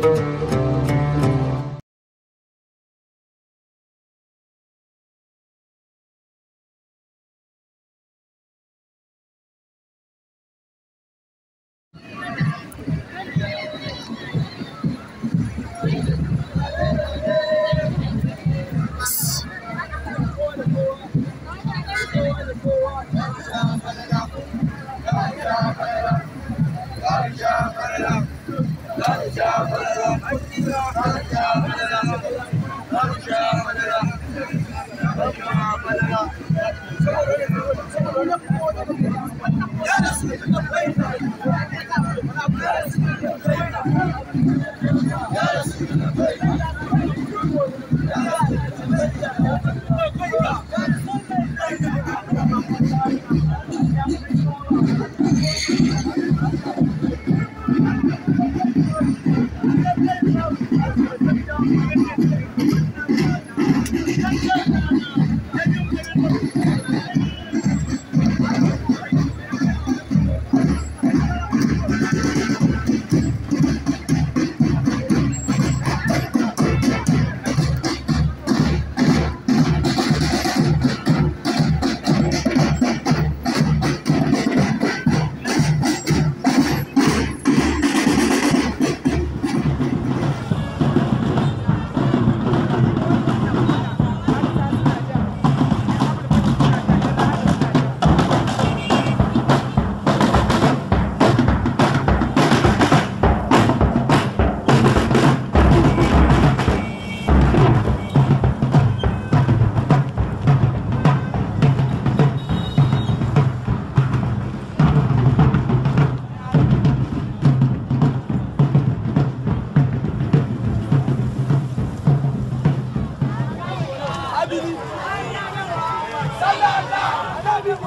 Yeah, yeah, you. Thank you.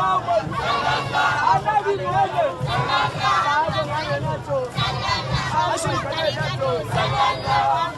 I'm Muhammad Sahaba Nabi Nato